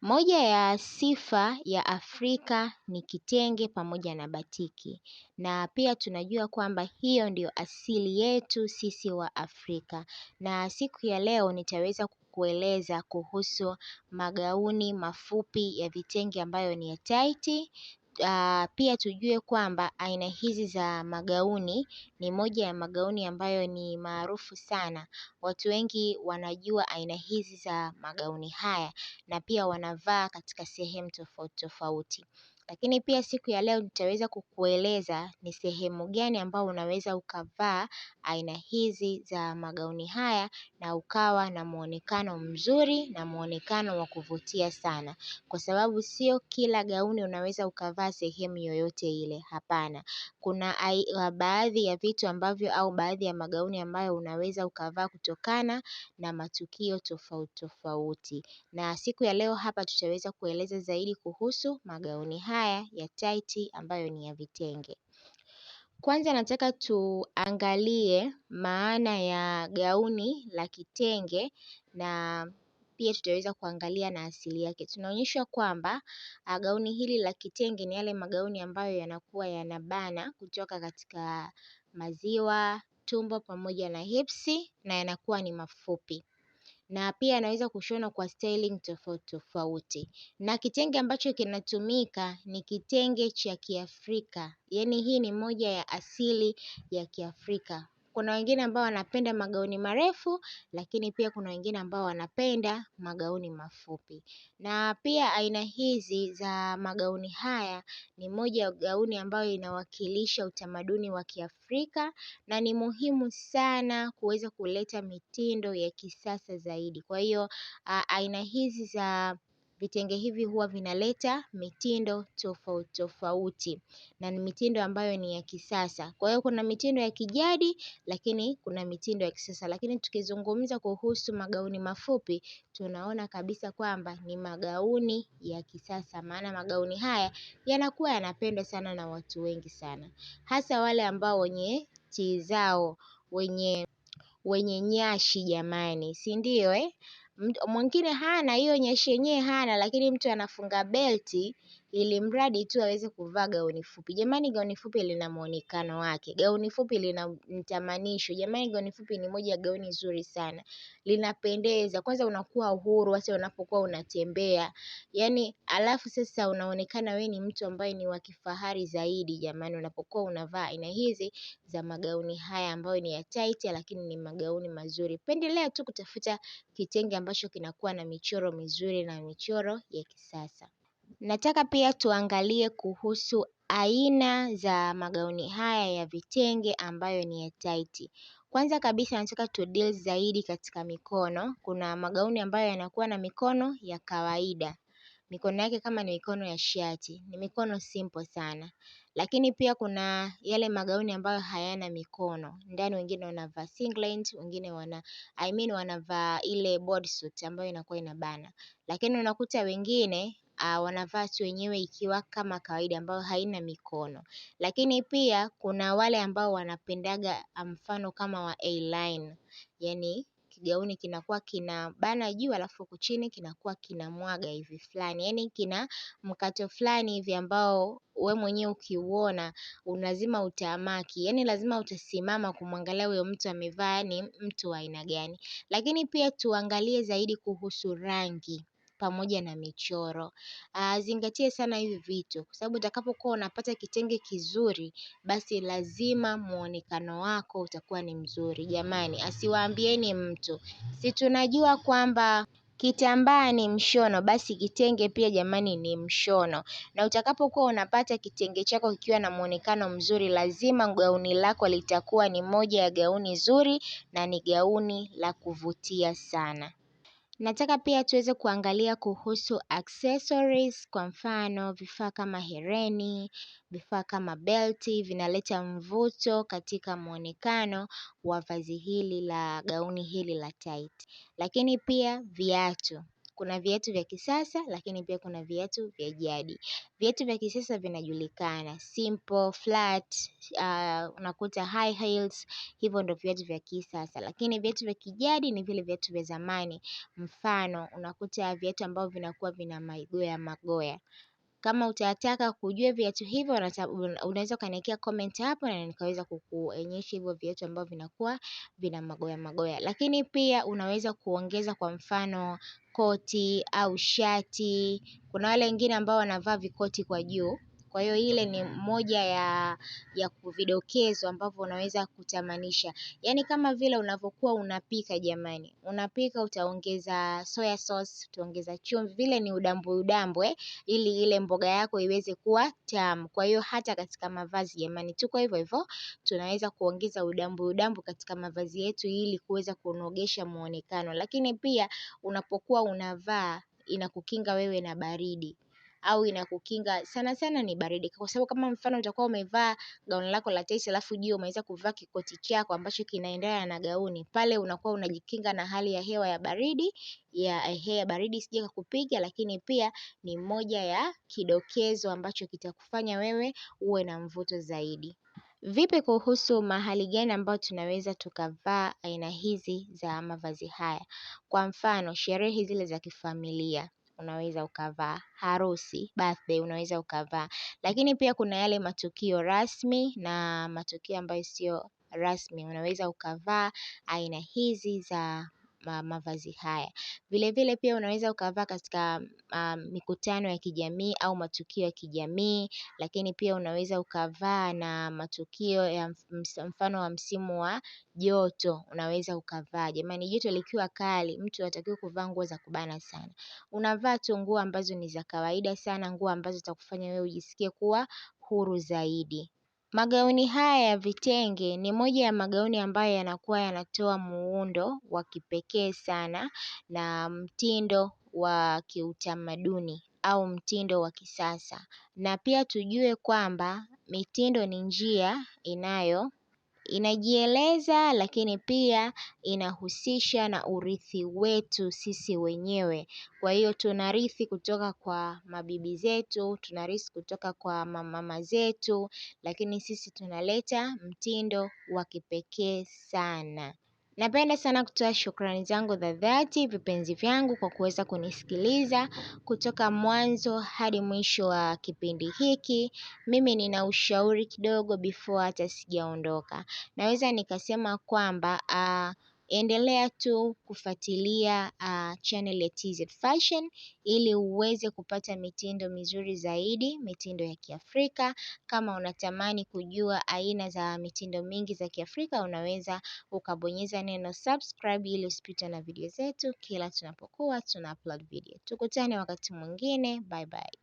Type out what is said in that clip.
Moja ya sifa ya Afrika ni kitenge pamoja na batiki na pia tunajua kwamba hiyo ndiyo asili yetu sisi wa afrika na siku ya leo nitaweza kukueleza kuhusu magauni mafupi ya vitenge ambayo ni ya taiti. Ah, pia tujue kwamba aina hizi za magauni ni moja ya magauni ambayo ni maarufu sana. Watu wengi wanajua aina hizi za magauni haya na pia wanavaa katika sehemu tofauti tofauti. Lakini pia siku ya leo nitaweza kukueleza ni sehemu gani ambao unaweza ukavaa aina hizi za magauni haya na ukawa na muonekano mzuri na muonekano wa kuvutia sana kwa sababu sio kila gauni unaweza ukavaa sehemu yoyote ile hapana. Kuna baadhi ya vitu ambavyo au baadhi ya magauni ambayo unaweza ukavaa kutokana na matukio tofauti tofauti na siku ya leo hapa tutaweza kueleza zaidi kuhusu magauni haya haya ya taiti ambayo ni ya vitenge. Kwanza nataka tuangalie maana ya gauni la kitenge na pia tutaweza kuangalia na asili yake. Tunaonyeshwa kwamba ah, gauni hili la kitenge ni yale magauni ambayo yanakuwa yanabana kutoka katika maziwa, tumbo pamoja na hipsi na yanakuwa ni mafupi na pia anaweza kushona kwa styling tofauti tofauti. Na kitenge ambacho kinatumika ni kitenge cha kiafrika, yaani hii ni moja ya asili ya kiafrika. Kuna wengine ambao wanapenda magauni marefu, lakini pia kuna wengine ambao wanapenda magauni mafupi. Na pia aina hizi za magauni haya ni moja ya gauni ambayo inawakilisha utamaduni wa Kiafrika na ni muhimu sana kuweza kuleta mitindo ya kisasa zaidi. Kwa hiyo aina hizi za Vitenge hivi huwa vinaleta mitindo tofauti tofauti na ni mitindo ambayo ni ya kisasa. Kwa hiyo kuna mitindo ya kijadi lakini kuna mitindo ya kisasa. Lakini tukizungumza kuhusu magauni mafupi tunaona kabisa kwamba ni magauni ya kisasa maana magauni haya yanakuwa yanapendwa sana na watu wengi sana. Hasa wale ambao wenye tizao wenye nyashi jamani si ndio eh mwingine hana hiyo nyeshi yenyewe hana lakini mtu anafunga belti ili mradi tu aweze kuvaa gauni fupi. Jamani, gauni fupi lina muonekano wake, gauni fupi lina mtamanisho. Jamani, gauni fupi ni moja ya gauni nzuri sana, linapendeza. Kwanza unakuwa uhuru hata unapokuwa unatembea, yaani alafu sasa unaonekana we ni mtu ambaye ni wa kifahari zaidi. Jamani, unapokuwa unavaa aina hizi za magauni haya ambayo ni ya tight, lakini ni magauni mazuri. Pendelea tu kutafuta kitenge ambacho kinakuwa na michoro mizuri na michoro ya kisasa. Nataka pia tuangalie kuhusu aina za magauni haya ya vitenge ambayo ni ya taiti. Kwanza kabisa nataka deal zaidi katika mikono. Kuna magauni ambayo yanakuwa na mikono ya kawaida. Mikono yake kama ni mikono ya shati, ni mikono simple sana. Lakini pia kuna yale magauni ambayo hayana mikono. Ndani wengine wanavaa singlet, wengine wana I mean wanavaa ile bodysuit ambayo inakuwa inabana. Lakini unakuta wengine wanavaa tu wenyewe ikiwa kama kawaida ambayo haina mikono. Lakini pia kuna wale ambao wanapendaga ah, mfano kama wa A-line yaani kigauni kinakuwa kinabana juu alafu huku chini kinakuwa kinamwaga hivi fulani yaani kina mkato fulani hivi ambao we mwenyewe ukiuona lazima utamaki yaani lazima utasimama kumwangalia huyo mtu amevaa ni mtu wa aina gani. Lakini pia tuangalie zaidi kuhusu rangi pamoja na michoro. Ah, Zingatia sana hivi vitu kwa sababu utakapokuwa unapata kitenge kizuri basi lazima muonekano wako utakuwa ni mzuri. Jamani asiwaambieni mtu. Si tunajua kwamba kitambaa ni mshono basi kitenge pia jamani ni mshono. Na utakapokuwa unapata kitenge chako kikiwa na muonekano mzuri lazima gauni lako litakuwa ni moja ya gauni zuri na ni gauni la kuvutia sana. Nataka pia tuweze kuangalia kuhusu accessories kwa mfano vifaa kama hereni, vifaa kama belti vinaleta mvuto katika muonekano wa vazi hili la gauni hili la tight. Lakini pia viatu. Kuna viatu vya kisasa lakini pia kuna viatu vya jadi. Viatu vya kisasa vinajulikana simple, flat, uh, unakuta high heels hivyo ndio viatu vya kisasa. Lakini viatu vya kijadi ni vile viatu vya zamani mfano unakuta viatu ambavyo vinakuwa vina magoya magoya. Kama utataka kujua viatu hivyo unaweza ukaniekea comment hapo na nikaweza kukuonyesha hivyo viatu ambavyo vinakuwa vina magoya magoya. Lakini pia unaweza kuongeza kwa mfano koti au shati. Kuna wale wengine ambao wanavaa vikoti kwa juu. Kwa hiyo ile ni moja ya ya vidokezo ambavyo unaweza kutamanisha. Yaani kama vile unavyokuwa unapika jamani. Unapika utaongeza soya sauce, utaongeza chumvi, vile ni udambu udambu eh, ili ile mboga yako iweze kuwa tamu. Kwa hiyo hata katika mavazi jamani tuko hivyo hivyo tunaweza kuongeza udambu udambu katika mavazi yetu ili kuweza kunogesha muonekano. Lakini pia unapokuwa unavaa inakukinga wewe na baridi au inakukinga sana sana ni baridi kwa sababu kama mfano utakuwa umevaa gauni lako la tesi alafu juu umeweza kuvaa kikoti chako ambacho kinaendana na gauni pale unakuwa unajikinga na hali ya hewa ya baridi ya hewa baridi sije kukupiga, lakini pia ni moja ya kidokezo ambacho kitakufanya wewe uwe na mvuto zaidi Vipi kuhusu mahali gani ambao tunaweza tukavaa aina hizi za mavazi haya? Kwa mfano, sherehe zile za kifamilia unaweza ukavaa, harusi, birthday unaweza ukavaa. Lakini pia kuna yale matukio rasmi na matukio ambayo sio rasmi unaweza ukavaa aina hizi za mavazi haya. Vilevile pia unaweza ukavaa katika mikutano ya kijamii au matukio ya kijamii lakini pia unaweza ukavaa na matukio ya mfano wa msimu wa joto unaweza ukavaa. Jamani joto likiwa kali mtu hatakiwi kuvaa nguo za kubana sana. Unavaa tu nguo ambazo ni za kawaida sana nguo ambazo zitakufanya wewe ujisikie kuwa huru zaidi. Magauni haya ya vitenge ni moja ya magauni ambayo yanakuwa yanatoa muundo wa kipekee sana na mtindo wa kiutamaduni au mtindo wa kisasa na pia tujue kwamba mitindo ni njia inayo. Inajieleza lakini pia inahusisha na urithi wetu sisi wenyewe. Kwa hiyo tunarithi kutoka kwa mabibi zetu, tunarithi kutoka kwa mama zetu, lakini sisi tunaleta mtindo wa kipekee sana. Napenda sana kutoa shukrani zangu za dhati vipenzi vyangu kwa kuweza kunisikiliza kutoka mwanzo hadi mwisho wa kipindi hiki. Mimi nina ushauri kidogo before hata sijaondoka. Naweza nikasema kwamba. Ah, endelea tu kufuatilia ah, channel ya TZ Fashion ili uweze kupata mitindo mizuri zaidi, mitindo ya Kiafrika. Kama unatamani kujua aina za mitindo mingi za Kiafrika, unaweza ukabonyeza neno subscribe ili usipitwe na video zetu kila tunapokuwa tuna upload video. Tukutane wakati mwingine, bye bye.